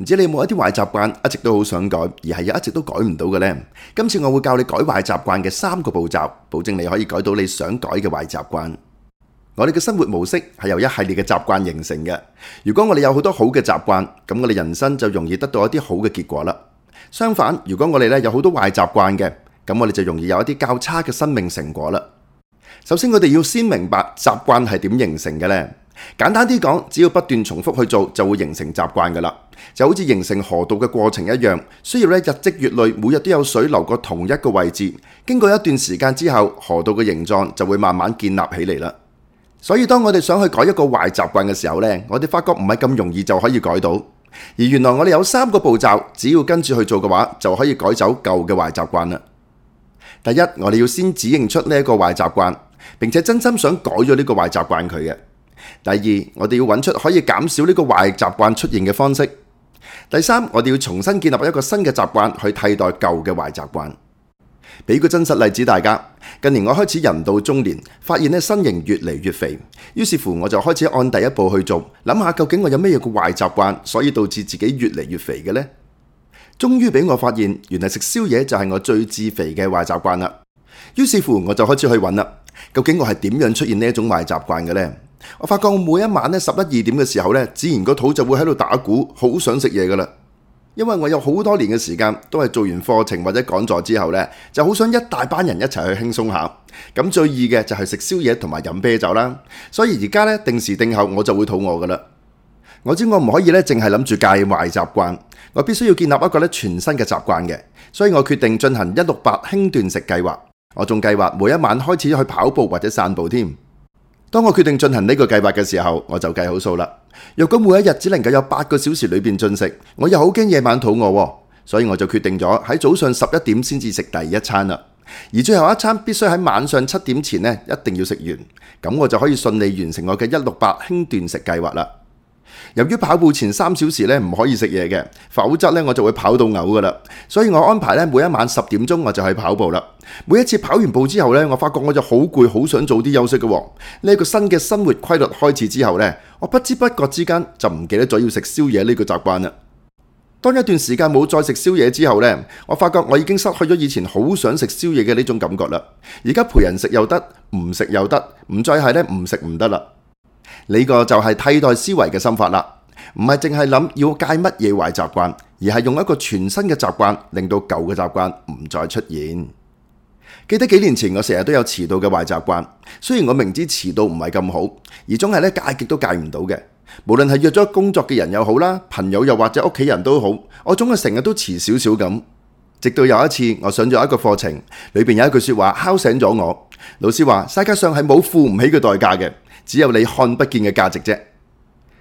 唔知你有冇一啲壞習慣，一直都好想改，而係又一直都改唔到嘅呢？今次我會教你改壞習慣嘅三個步驟，保證你可以改到你想改嘅壞習慣。我哋嘅生活模式係由一系列嘅習慣形成嘅。如果我哋有好多好嘅習慣，咁我哋人生就容易得到一啲好嘅結果啦。相反，如果我哋咧有好多壞習慣嘅，咁我哋就容易有一啲較差嘅生命成果啦。首先，我哋要先明白習慣係點形成嘅呢。簡單啲講，只要不斷重複去做，就會形成習慣噶啦，就好似形成河道嘅過程一樣，需要咧日積月累，每日都有水流過同一個位置，經過一段時間之後，河道嘅形狀就會慢慢建立起嚟啦。所以當我哋想去改一個壞習慣嘅時候呢，我哋發覺唔係咁容易就可以改到，而原來我哋有三個步驟，只要跟住去做嘅話，就可以改走舊嘅壞習慣啦。第一，我哋要先指認出呢一個壞習慣，並且真心想改咗呢個壞習慣佢嘅。第二，我哋要揾出可以減少呢個壞習慣出現嘅方式。第三，我哋要重新建立一個新嘅習慣去替代舊嘅壞習慣。俾個真實例子大家，近年我開始人到中年，發現呢，身形越嚟越肥，於是乎我就開始按第一步去做，諗下究竟我有咩嘢個壞習慣，所以導致自己越嚟越肥嘅呢？終於俾我發現，原來食宵夜就係我最自肥嘅壞習慣啦。於是乎我就開始去揾啦。究竟我係點樣出現呢一種壞習慣嘅呢？我發覺我每一晚咧十一二點嘅時候咧，自然個肚就會喺度打鼓，好想食嘢噶啦。因為我有好多年嘅時間都係做完課程或者講座之後咧，就好想一大班人一齊去輕鬆下。咁最易嘅就係食宵夜同埋飲啤酒啦。所以而家咧定時定候我就會肚餓噶啦。我知我唔可以咧淨係諗住戒壞習慣，我必須要建立一個咧全新嘅習慣嘅。所以我決定進行一六八輕斷食計劃。我仲計劃每一晚開始去跑步或者散步添。當我決定進行呢個計劃嘅時候，我就計好數啦。若果每一日只能夠有八個小時裏邊進食，我又好驚夜晚肚餓，所以我就決定咗喺早上十一點先至食第一餐啦。而最後一餐必須喺晚上七點前呢，一定要食完，咁我就可以順利完成我嘅一六八輕斷食計劃啦。由於跑步前三小時咧，唔可以食嘢嘅，否則咧，我就會跑到嘔噶啦。所以我安排咧，每一晚十點鐘我就去跑步啦。每一次跑完步之後咧，我發覺我就好攰，好想早啲休息嘅。呢個新嘅生活規律開始之後咧，我不知不覺之間就唔記得咗要食宵夜呢個習慣啦。當一段時間冇再食宵夜之後咧，我發覺我已經失去咗以前好想食宵夜嘅呢種感覺啦。而家陪人食又得，唔食又得，唔再係咧，唔食唔得啦。呢個就係替代思維嘅心法啦，唔係淨係諗要戒乜嘢壞習慣，而係用一個全新嘅習慣，令到舊嘅習慣唔再出現。記得幾年前我成日都有遲到嘅壞習慣，雖然我明知遲到唔係咁好，而總係咧戒極都戒唔到嘅。無論係約咗工作嘅人又好啦，朋友又或者屋企人都好，我總係成日都遲少少咁。直到有一次我上咗一個課程，裏面，有一句說話敲醒咗我。老師話，世界上係冇付唔起嘅代價嘅。只有你看不見嘅價值啫。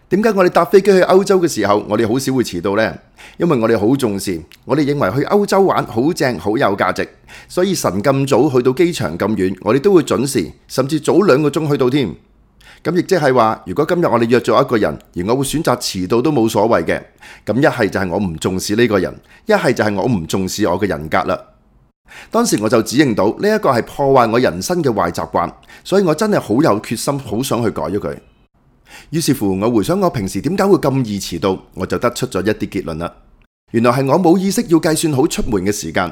點解我哋搭飛機去歐洲嘅時候，我哋好少會遲到呢？因為我哋好重視，我哋認為去歐洲玩好正，好有價值，所以神咁早去到機場咁遠，我哋都會準時，甚至早兩個鐘去到添。咁亦即係話，如果今日我哋約咗一個人，而我會選擇遲到都冇所謂嘅，咁一係就係我唔重視呢個人，一係就係我唔重視我嘅人格啦。當時我就指認到呢一個係破壞我人生嘅壞習慣，所以我真係好有決心，好想去改咗佢。於是乎，我回想我平時點解會咁易遲到，我就得出咗一啲結論啦。原來係我冇意識要計算好出門嘅時間，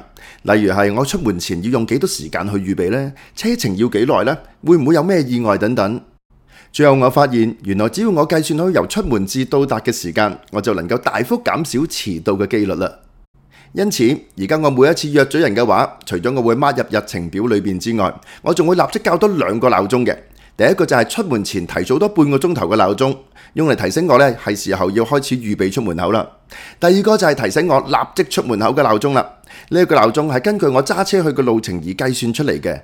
例如係我出門前要用幾多時間去預備呢，車程要幾耐呢，會唔會有咩意外等等。最後我發現，原來只要我計算好由出門至到達嘅時間，我就能夠大幅減少遲到嘅幾率啦。因此，而家我每一次約咗人嘅話，除咗我會 mark 入日程表裏邊之外，我仲會立即較多兩個鬧鐘嘅。第一個就係出門前提早多半個鐘頭嘅鬧鐘，用嚟提醒我呢係時候要開始預備出門口啦。第二個就係提醒我立即出門口嘅鬧鐘啦。呢個鬧鐘係根據我揸車去嘅路程而計算出嚟嘅，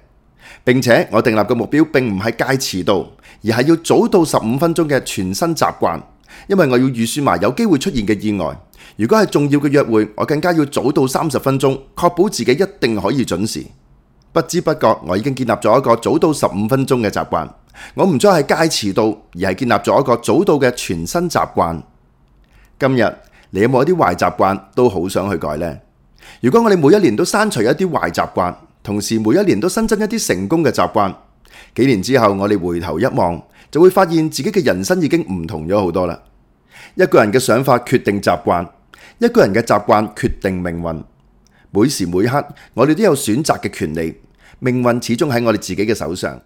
並且我訂立嘅目標並唔係戒遲到，而係要早到十五分鐘嘅全新習慣，因為我要預算埋有機會出現嘅意外。如果係重要嘅約會，我更加要早到三十分鐘，確保自己一定可以準時。不知不覺，我已經建立咗一個早到十五分鐘嘅習慣。我唔再係戒遲到，而係建立咗一個早到嘅全新習慣。今日你有冇一啲壞習慣都好想去改呢？如果我哋每一年都刪除一啲壞習慣，同時每一年都新增一啲成功嘅習慣，幾年之後我哋回頭一望，就會發現自己嘅人生已經唔同咗好多啦。一個人嘅想法決定習慣，一個人嘅習慣決定命運。每時每刻，我哋都有選擇嘅權利，命運始終喺我哋自己嘅手上。